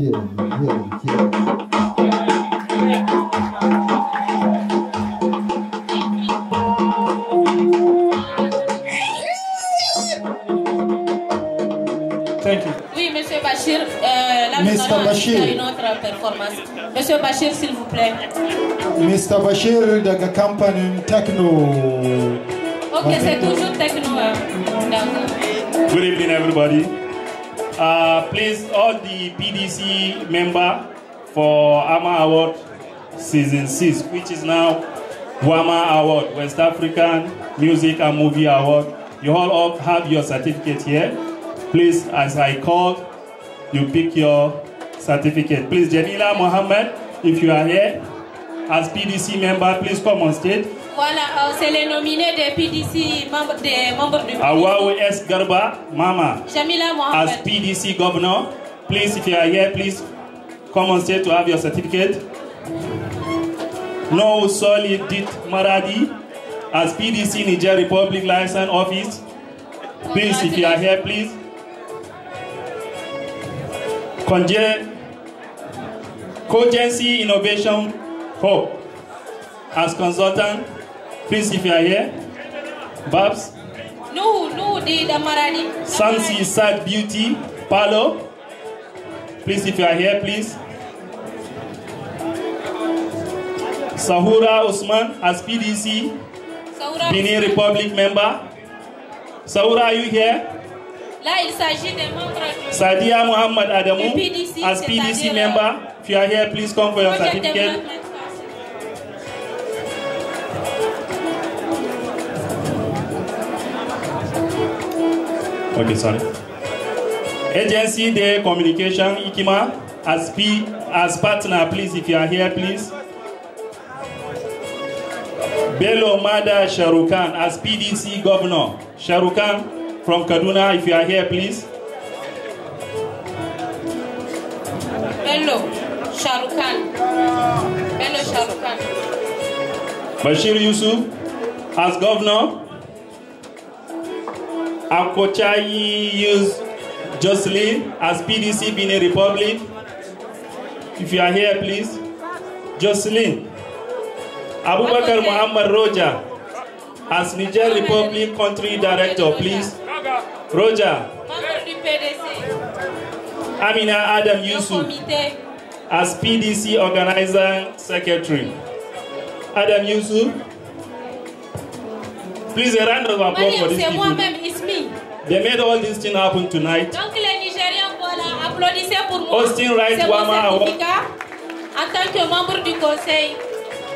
Oui, Monsieur Bachir, euh, là, Mr. nous Bachir. une autre performance. Monsieur Bachir, s'il vous plaît. Mr. Bachir the company Techno. Ok, c'est toujours Techno. Hein. Good evening, everybody. Uh, please, all the PDC member for AMA Award Season 6, which is now WAMA Award, West African Music and Movie Award. You all have your certificate here. Please, as I call, you pick your certificate. Please, Janila Mohammed, if you are here, as PDC member, please come on stage. Voilà, euh, c'est les nominés des PDC, membres, des membres du ah, PDC. S. Garba, Mama. Jamila Mohamed. As PDC governor, please, if you are here, please come on stage to have your certificate. No solid dit Maradi as PDC Niger Republic License Office. Please, if you are here, please. Conje Cogency Innovation Hope as consultant Please, if you are here. Babs. No, no, de Damarani. Sansi Sad Beauty. Palo. Please, if you are here, please. Sahura Osman as PDC. Sahura Benin Republic member. Sahura, are you here? Là, il s'agit des membres de Sadia Mohamed PDC, as PDC euh, member. If you are here, please come for your certificate. Okay, sorry. Agency Day Communication, Ikima, as, P, as partner, please, if you are here, please. Bello Mada Sharukan as PDC Governor. Sharukan from Kaduna, if you are here, please. Bello Sharukan. Bello Sharukan. Bashir Yusuf as Governor. Akochayi used Jocelyn as PDC Benin Republic. If you are here, please. Jocelyn. Abubakar Muhammad Roja as Niger Republic Country Director, please. Roja. Amina Adam Yusuf as PDC Organizer Secretary. Adam Yusuf. Please a round of applause for these people. They made all these things happen tonight. Donc les Nigériens, voilà, applaudissez pour moi. Austin Wright Wama oh. En tant que membre du conseil.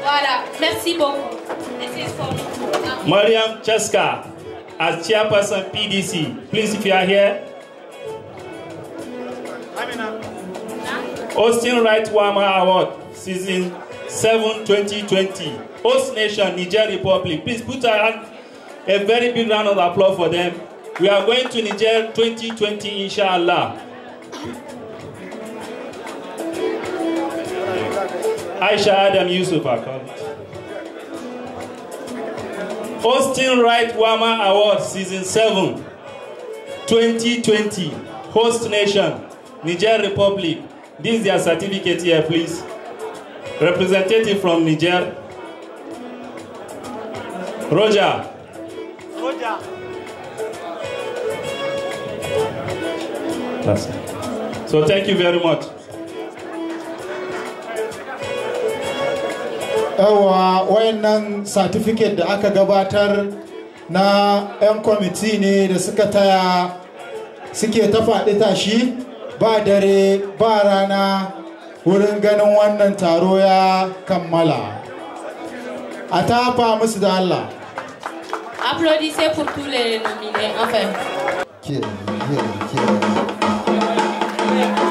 Voilà, merci beaucoup. Mariam Cheska, as chairperson PDC, please if you are here. Austin Wright Wama Award, season 7 2020. Host Nation, Niger Republic. Please put a, hand, a very big round of applause for them. We are going to Niger 2020, inshallah. Aisha Adam Yusuf, I call it. Austin Wright Wama Award Season 7 2020 Host Nation Niger Republic. This is their certificate here, please. Representative from Niger. Roger. Roger. That's So thank you very much. Yawa wayannan certificate da aka gabatar na 'yan kwamiti ne da suka taya suke ta faɗi tashi ba dare ba rana wurin ganin wannan taro ya kammala. A tafa musu da Allah. Applaudissez pour tous les nominés, enfin. Okay, okay, okay. Thank you.